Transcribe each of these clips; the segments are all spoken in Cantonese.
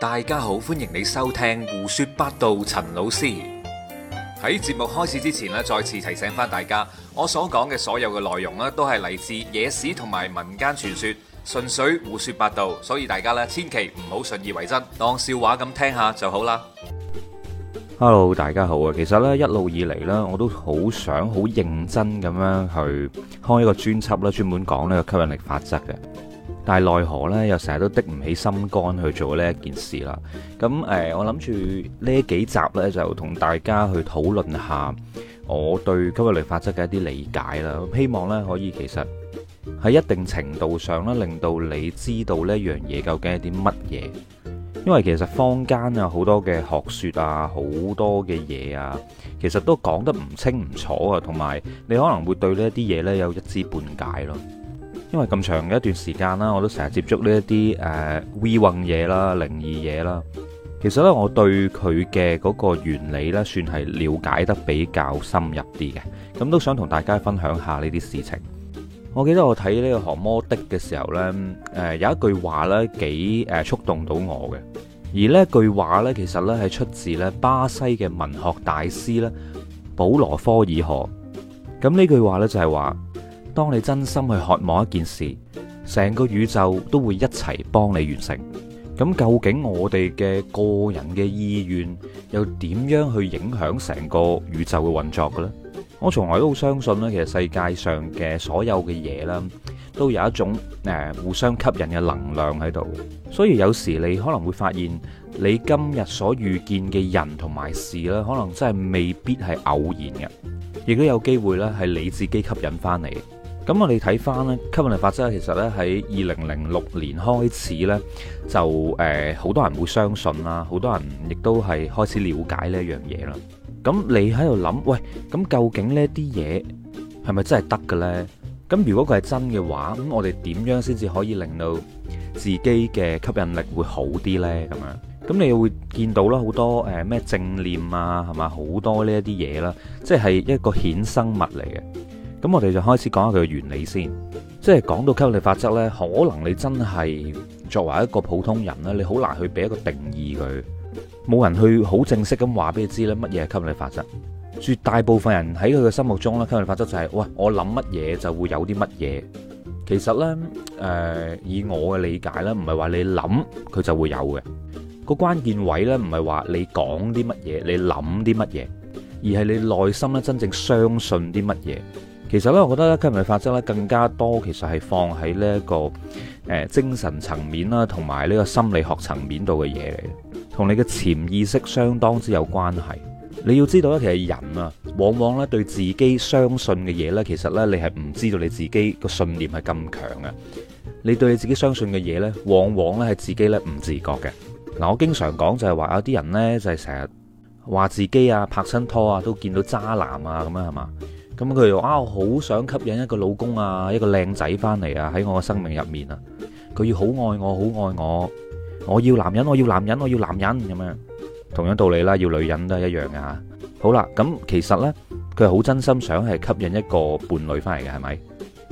大家好，歡迎你收聽胡說八道。陳老師喺節目開始之前咧，再次提醒翻大家，我所講嘅所有嘅內容咧，都係嚟自野史同埋民間傳說，純粹胡說八道，所以大家咧千祈唔好信以為真，當笑話咁聽下就好啦。Hello，大家好啊！其實咧一路以嚟咧，我都好想好認真咁樣去開一個專輯啦，專門講呢個吸引力法則嘅。但係奈何呢，又成日都的唔起心肝去做呢一件事啦。咁我諗住呢幾集呢，就同大家去討論下我對吸引力法則嘅一啲理解啦。希望呢，可以其實喺一定程度上呢，令到你知道呢樣嘢究竟係啲乜嘢。因為其實坊間啊好多嘅學説啊，好多嘅嘢啊，其實都講得唔清唔楚啊，同埋你可能會對呢啲嘢呢，有一知半解咯。因為咁長一段時間啦，我都成日接觸呢一啲誒 we 運嘢啦、靈異嘢啦。其實咧，我對佢嘅嗰個原理咧，算係了解得比較深入啲嘅。咁都想同大家分享一下呢啲事情。我記得我睇呢、這個荷摩的嘅時候咧，誒、呃、有一句話咧幾誒觸動到我嘅。而呢句話咧，其實咧係出自咧巴西嘅文學大師咧保羅科爾河。咁呢句話咧就係、是、話。當你真心去渴望一件事，成個宇宙都會一齊幫你完成。咁究竟我哋嘅個人嘅意願又點樣去影響成個宇宙嘅運作嘅咧？我從來都相信呢，其實世界上嘅所有嘅嘢啦，都有一種誒、呃、互相吸引嘅能量喺度。所以有時你可能會發現，你今日所遇見嘅人同埋事啦，可能真係未必係偶然嘅，亦都有機會咧係你自己吸引翻嚟。咁我哋睇翻呢，吸引力法則其實呢，喺二零零六年開始呢，就誒好多人會相信啦，好多人亦都係開始了解呢一樣嘢啦。咁你喺度諗，喂，咁究竟呢啲嘢係咪真係得嘅呢？咁如果佢係真嘅話，咁我哋點樣先至可以令到自己嘅吸引力會好啲呢？咁樣，咁你又會見到啦，好多誒咩正念啊，係嘛，好多呢一啲嘢啦，即係一個衍生物嚟嘅。咁我哋就開始講下佢嘅原理先，即係講到吸引力法則咧，可能你真係作為一個普通人咧，你好難去俾一個定義佢，冇人去好正式咁話俾你知咧，乜嘢係吸引力法則。絕大部分人喺佢嘅心目中咧，吸引力法則就係喂，我諗乜嘢就會有啲乜嘢。其實咧，誒以我嘅理解咧，唔係話你諗佢就會有嘅。個關鍵位咧，唔係話你講啲乜嘢，你諗啲乜嘢，而係你內心咧真正相信啲乜嘢。其實咧，我覺得咧，吸引力法則咧，更加多，其實係放喺呢一個誒精神層面啦，同埋呢個心理學層面度嘅嘢嚟，同你嘅潛意識相當之有關係。你要知道咧，其實人啊，往往咧對自己相信嘅嘢咧，其實咧你係唔知道你自己個信念係咁強嘅。你對你自己相信嘅嘢咧，往往咧係自己咧唔自覺嘅。嗱，我經常講就係話有啲人咧就係成日話自己啊拍親拖啊都見到渣男啊咁啊，係嘛？咁佢又，話，我好想吸引一個老公啊，一個靚仔翻嚟啊，喺我嘅生命入面啊，佢要好愛我，好愛我，我要男人，我要男人，我要男人咁樣。同樣道理啦，要女人都係一樣噶。好啦，咁其實咧，佢好真心想係吸引一個伴侶翻嚟嘅，係咪？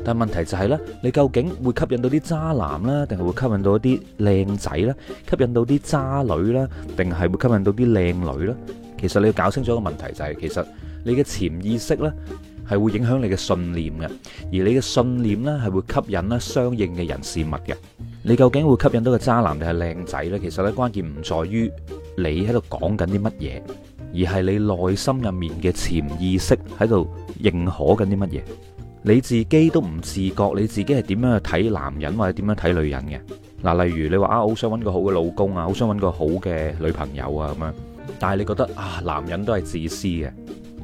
但係問題就係咧，你究竟會吸引到啲渣男咧，定係會吸引到一啲靚仔咧？吸引到啲渣女咧，定係會吸引到啲靚女咧？其實你要搞清楚一個問題就係，其實你嘅潛意識咧。係會影響你嘅信念嘅，而你嘅信念呢，係會吸引呢相應嘅人事物嘅。你究竟會吸引到個渣男定係靚仔呢？其實呢，關鍵唔在於你喺度講緊啲乜嘢，而係你內心入面嘅潛意識喺度認可緊啲乜嘢。你自己都唔自覺，你自己係點樣去睇男人或者點樣睇女人嘅？嗱，例如你話啊，好想搵個好嘅老公啊，好想搵個好嘅女朋友啊咁樣，但係你覺得啊，男人都係自私嘅，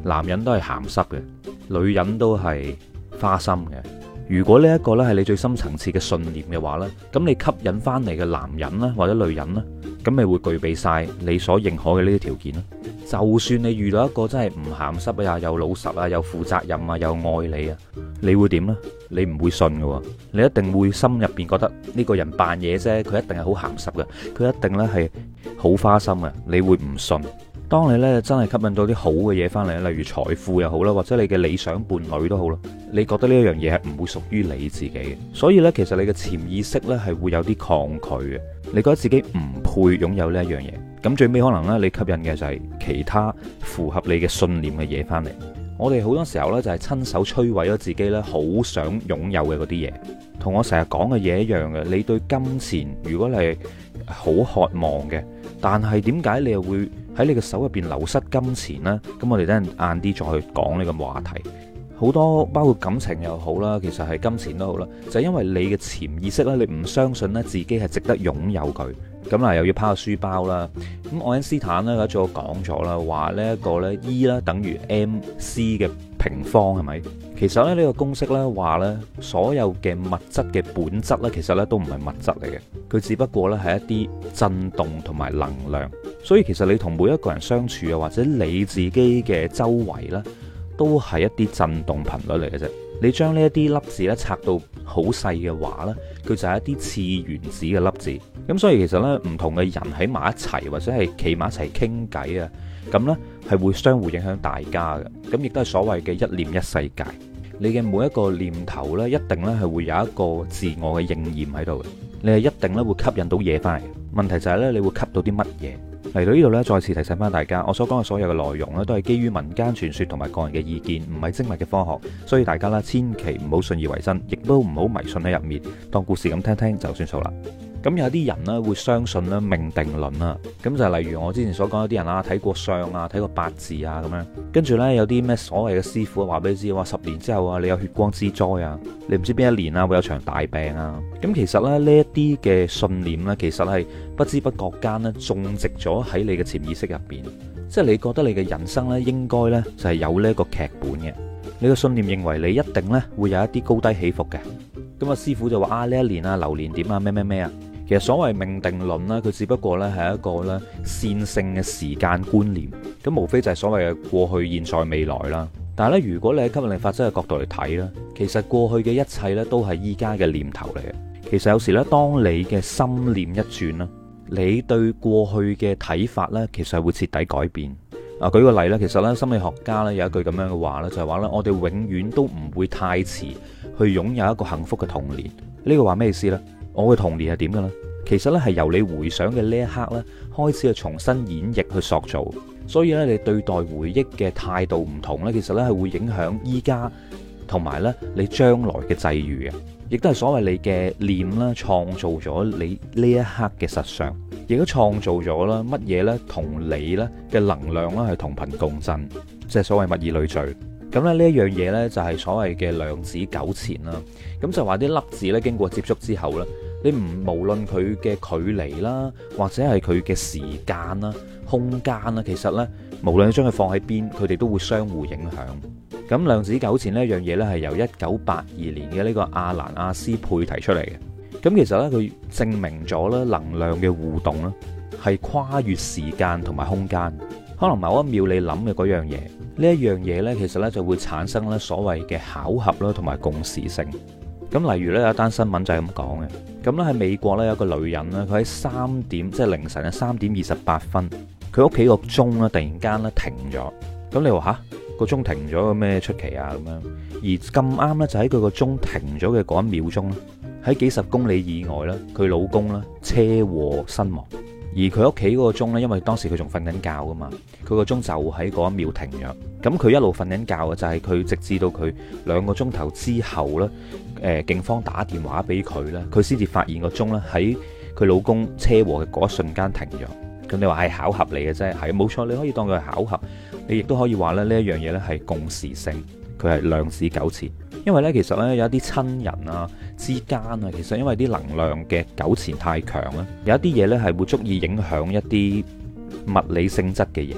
男人都係鹹濕嘅。女人都係花心嘅，如果呢一個咧係你最深層次嘅信念嘅話呢，咁你吸引翻嚟嘅男人咧，或者女人咧，咁咪會具備晒你所認可嘅呢啲條件啦。就算你遇到一個真係唔咸濕啊，又老實啊，又負責任啊，又愛你啊，你會點呢？你唔會信噶，你一定會心入邊覺得呢個人扮嘢啫，佢一定係好咸濕嘅，佢一定咧係好花心啊，你會唔信？當你咧真係吸引到啲好嘅嘢翻嚟，例如財富又好啦，或者你嘅理想伴侶都好啦，你覺得呢一樣嘢係唔會屬於你自己嘅，所以呢，其實你嘅潛意識呢係會有啲抗拒嘅，你覺得自己唔配擁有呢一樣嘢，咁最尾可能呢，你吸引嘅就係其他符合你嘅信念嘅嘢翻嚟。我哋好多時候呢，就係親手摧毀咗自己呢好想擁有嘅嗰啲嘢，同我成日講嘅嘢一樣嘅。你對金錢，如果你係好渴望嘅，但係點解你又會？喺你嘅手入邊流失金錢啦，咁我哋等陣晏啲再去講呢個話題很。好多包括感情又好啦，其實係金錢都好啦，就係因為你嘅潛意識咧，你唔相信咧自己係值得擁有佢，咁嗱又要拋下書包啦。咁愛因斯坦咧，而家早講咗啦，話呢一個呢 E 啦等於 MC 嘅平方係咪？其實咧呢、呢個公式咧話呢所有嘅物質嘅本質咧，其實咧都唔係物質嚟嘅，佢只不過咧係一啲震動同埋能量。所以其實你同每一個人相處啊，或者你自己嘅周圍咧，都係一啲震動頻率嚟嘅啫。你將呢一啲粒子咧拆到好細嘅話咧，佢就係一啲次原子嘅粒子。咁所以其實咧，唔同嘅人喺埋一齊，或者係企埋一齊傾偈啊，咁咧係會相互影響大家嘅。咁亦都係所謂嘅一念一世界。你嘅每一個念頭咧，一定咧係會有一個自我嘅應驗喺度嘅。你係一定咧會吸引到嘢翻嚟。問題就係咧，你會吸到啲乜嘢？嚟到呢度呢，再次提醒翻大家，我所講嘅所有嘅內容呢，都係基於民間傳說同埋個人嘅意見，唔係精密嘅科學，所以大家呢，千祈唔好信以為真，亦都唔好迷信喺入面，當故事咁聽聽就算數啦。咁有啲人咧會相信咧命定論啊，咁就係例如我之前所講，有啲人啊，睇過相啊，睇過八字啊，咁樣，跟住呢，有啲咩所謂嘅師傅話俾你知，話十年之後啊，你有血光之災啊，你唔知邊一年啊會有場大病啊。咁其實咧呢一啲嘅信念呢，其實係不知不覺間呢種植咗喺你嘅潛意識入面。即係你覺得你嘅人生呢，應該呢就係有呢個劇本嘅，你個信念，認為你一定呢會有一啲高低起伏嘅。咁啊師傅就話啊，呢一年啊流年點啊咩咩咩啊。其實所謂命定論咧，佢只不過咧係一個咧線性嘅時間觀念，咁無非就係所謂嘅過去、現在、未來啦。但係咧，如果你喺吸引力法則嘅角度嚟睇咧，其實過去嘅一切咧都係依家嘅念頭嚟嘅。其實有時咧，當你嘅心念一轉啦，你對過去嘅睇法咧，其實會徹底改變。啊，舉個例咧，其實咧心理學家咧有一句咁樣嘅話咧，就係話咧，我哋永遠都唔會太遲去擁有一個幸福嘅童年。呢個話咩意思咧？我嘅童年係點嘅咧？其實咧係由你回想嘅呢一刻咧開始去重新演繹去塑造，所以咧你對待回憶嘅態度唔同咧，其實咧係會影響依家同埋咧你將來嘅際遇嘅，亦都係所謂你嘅念啦創造咗你呢一刻嘅實相，亦都創造咗啦乜嘢咧同你咧嘅能量啦係同頻共振，即係所謂物以類聚。咁咧呢一樣嘢呢，就係所謂嘅量子糾纏啦。咁就話啲粒子呢經過接觸之後呢，你唔無論佢嘅距離啦，或者係佢嘅時間啦、空間啦，其實呢，無論你將佢放喺邊，佢哋都會相互影響。咁量子糾纏呢樣嘢呢，係由一九八二年嘅呢個阿蘭阿斯佩提出嚟嘅。咁其實呢，佢證明咗咧能量嘅互動啦，係跨越時間同埋空間。可能某一秒你諗嘅嗰樣嘢。呢一樣嘢呢，其實呢就會產生呢所謂嘅巧合啦，同埋共時性。咁例如呢，有一單新聞就係咁講嘅。咁呢喺美國呢，有一個女人呢，佢喺三點即係、就是、凌晨啊三點二十八分，佢屋企個鐘呢突然間呢停咗。咁你話吓個鐘停咗有咩出奇啊咁樣？而咁啱呢，就喺佢個鐘停咗嘅嗰一秒鐘呢，喺幾十公里以外呢，佢老公呢，車禍身亡。而佢屋企嗰個鐘呢，因為當時佢仲瞓緊覺噶嘛，佢個鐘就喺嗰一秒停咗。咁佢一路瞓緊覺嘅，就係、是、佢直至到佢兩個鐘頭之後呢，誒，警方打電話俾佢呢，佢先至發現個鐘呢喺佢老公車禍嘅嗰一瞬間停咗。咁你話係巧合嚟嘅啫，係冇錯，你可以當佢係巧合，你亦都可以話呢一樣嘢呢係共時性，佢係量子糾纏因為呢，其實呢，有一啲親人啊之間啊，其實因為啲能量嘅糾纏太強啦，有一啲嘢呢係會足以影響一啲物理性質嘅嘢。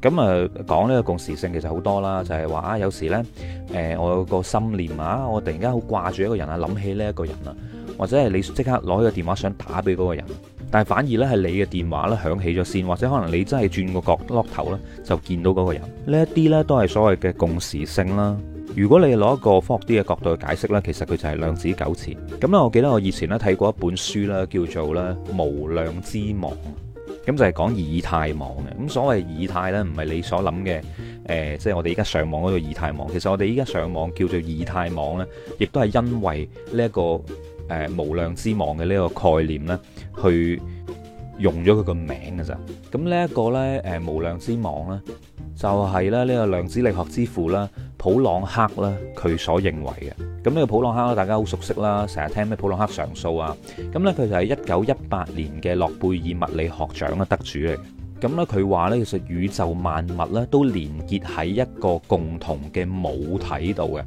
咁、嗯、啊，講呢個共時性其實好多啦，就係、是、話啊，有時呢，誒、呃，我有個心念啊，我突然間好掛住一個人啊，諗起呢一個人啊，或者係你即刻攞起個電話想打俾嗰個人，但係反而呢，係你嘅電話呢，響起咗先，或者可能你真係轉個角落頭呢，就見到嗰個人，呢一啲呢，都係所謂嘅共時性啦。如果你攞一個科學啲嘅角度去解釋呢，其實佢就係量子糾纏。咁咧，我記得我以前咧睇過一本書咧，叫做咧無量之網，咁就係、是、講以太網嘅。咁所謂以太，呢唔係你所諗嘅，誒、呃，即、就、係、是、我哋依家上網嗰個以太網。其實我哋依家上網叫做以太網呢，亦都係因為呢、這、一個誒、呃、無量之網嘅呢個概念呢去用咗佢、這個名嘅咋。咁呢一個呢，「誒無量之網呢，就係咧呢個量子力學之父啦。普朗克啦，佢所認為嘅，咁呢個普朗克咧，大家好熟悉啦，成日聽咩普朗克常數啊，咁呢，佢就係一九一八年嘅諾貝爾物理學獎嘅得主嚟。咁咧，佢話呢，其實宇宙萬物咧都連結喺一個共同嘅母體度嘅。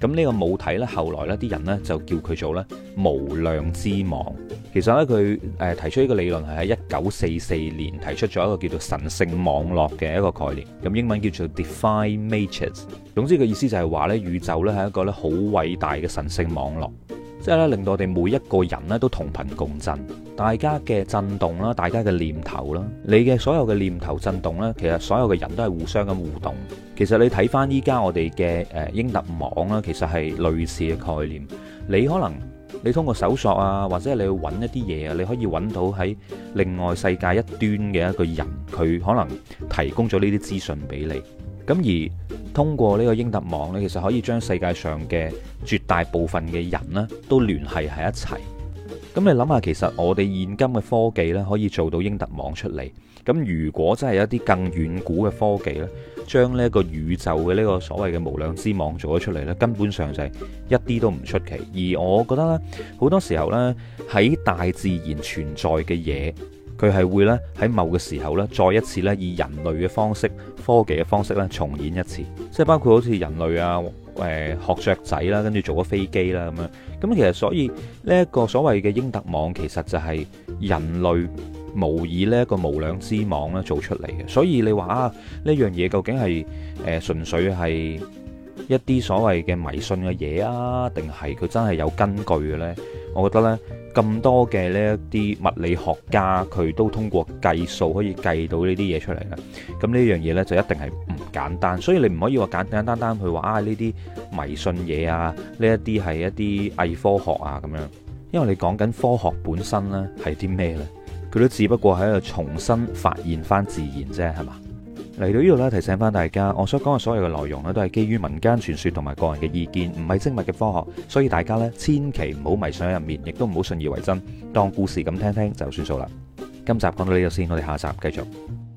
咁呢個母體呢，後來呢啲人呢就叫佢做呢「無量之網」。其實呢，佢、呃、提出呢個理論係喺一九四四年提出咗一個叫做神性網絡嘅一個概念。咁英文叫做 Divine Matrix。總之個意思就係話呢，宇宙呢係一個呢好偉大嘅神性網絡。即係咧，令到我哋每一個人咧都同頻共振，大家嘅震動啦，大家嘅念頭啦，你嘅所有嘅念頭震動咧，其實所有嘅人都係互相咁互動的。其實你睇翻依家我哋嘅誒英特網啦，其實係類似嘅概念。你可能你通過搜索啊，或者你去揾一啲嘢啊，你可以揾到喺另外世界一端嘅一個人，佢可能提供咗呢啲資訊俾你。咁而通過呢個英特網呢，其實可以將世界上嘅絕大部分嘅人呢都聯繫喺一齊。咁你諗下，其實我哋現今嘅科技呢，可以做到英特網出嚟。咁如果真係有一啲更遠古嘅科技呢，將呢個宇宙嘅呢個所謂嘅無量之網做咗出嚟呢，根本上就係一啲都唔出奇。而我覺得呢，好多時候呢，喺大自然存在嘅嘢。佢係會咧喺某個時候咧，再一次咧以人類嘅方式，科技嘅方式咧重演一次，即係包括好似人類啊、誒學雀仔啦，跟住做個飛機啦咁樣。咁其實所以呢一個所謂嘅英特網，其實就係人類模擬呢一個無量之網咧做出嚟嘅。所以你話啊，呢樣嘢究竟係誒、呃、純粹係一啲所謂嘅迷信嘅嘢啊，定係佢真係有根據嘅咧？我覺得咧。咁多嘅呢一啲物理學家，佢都通過計數可以計到呢啲嘢出嚟。咁呢樣嘢呢，就一定係唔簡單，所以你唔可以話簡簡單單去話啊呢啲迷信嘢啊，呢一啲係一啲偽科學啊咁樣。因為你講緊科學本身呢，係啲咩呢？佢都只不過喺度重新發現翻自然啫，係嘛？嚟到呢度呢，提醒翻大家，我所講嘅所有嘅內容呢，都係基於民間傳說同埋個人嘅意見，唔係精密嘅科學，所以大家呢，千祈唔好迷信入面，亦都唔好信以為真，當故事咁聽聽就算數啦。今集講到呢度先，我哋下集繼續。